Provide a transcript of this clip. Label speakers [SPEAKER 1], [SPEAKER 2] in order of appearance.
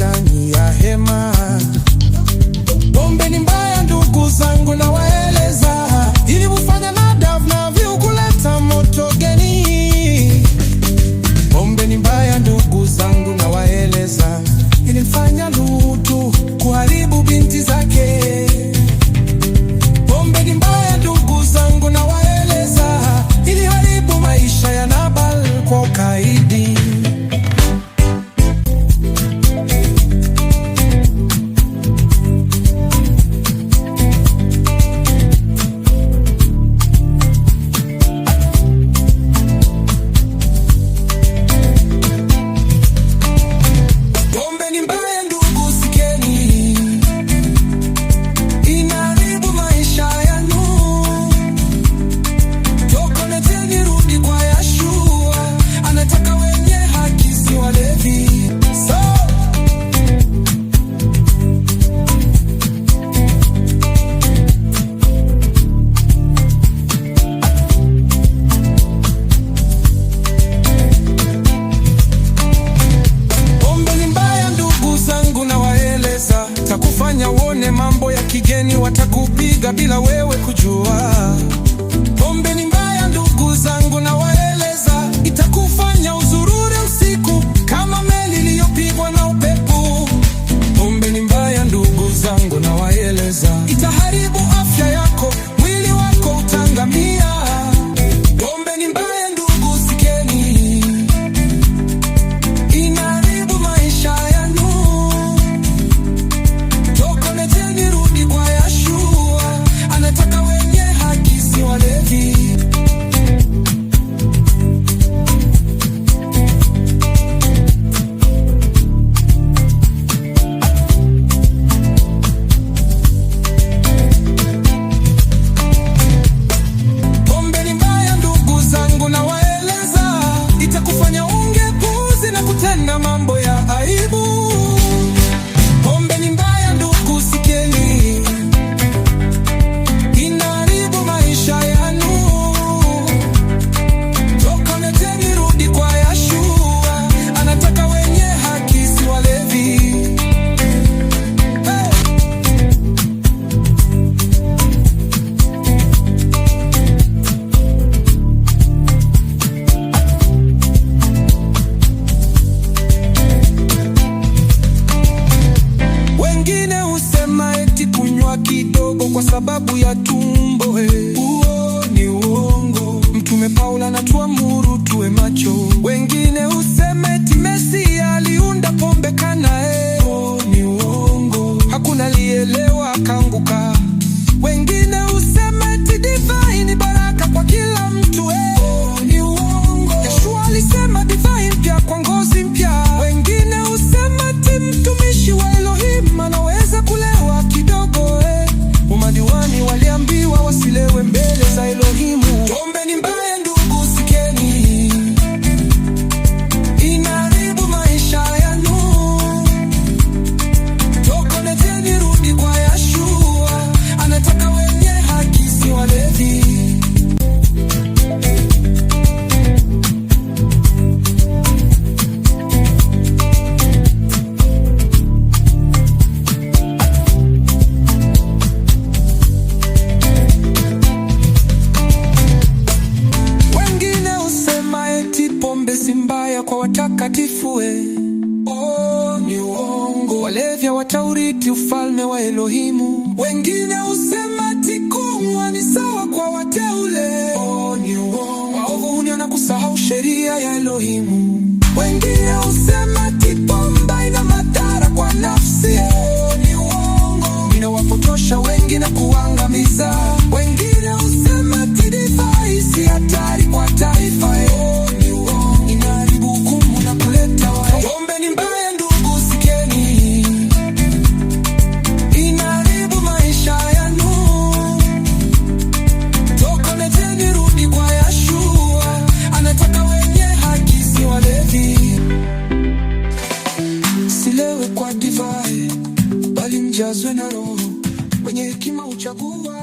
[SPEAKER 1] ndani ya hema. Pombe ni mbaya, ndugu zangu, nawaeleza watakupiga bila wewe kujua kutenda mambo ya aibu. sababu ya tumbo. Huo eh. ni uongo. Mtume Paulo anatua haya kwa watakatifu we ni uongo. Walevya watauriti ufalme wa Elohimu. Wengine husema tikumwa ni sawa kwa wateule. Oh, ni uongo. Waovu huniona kusahau sheria ya Elohimu. Wengine husema ujazwe na Roho, wenye hekima uchagua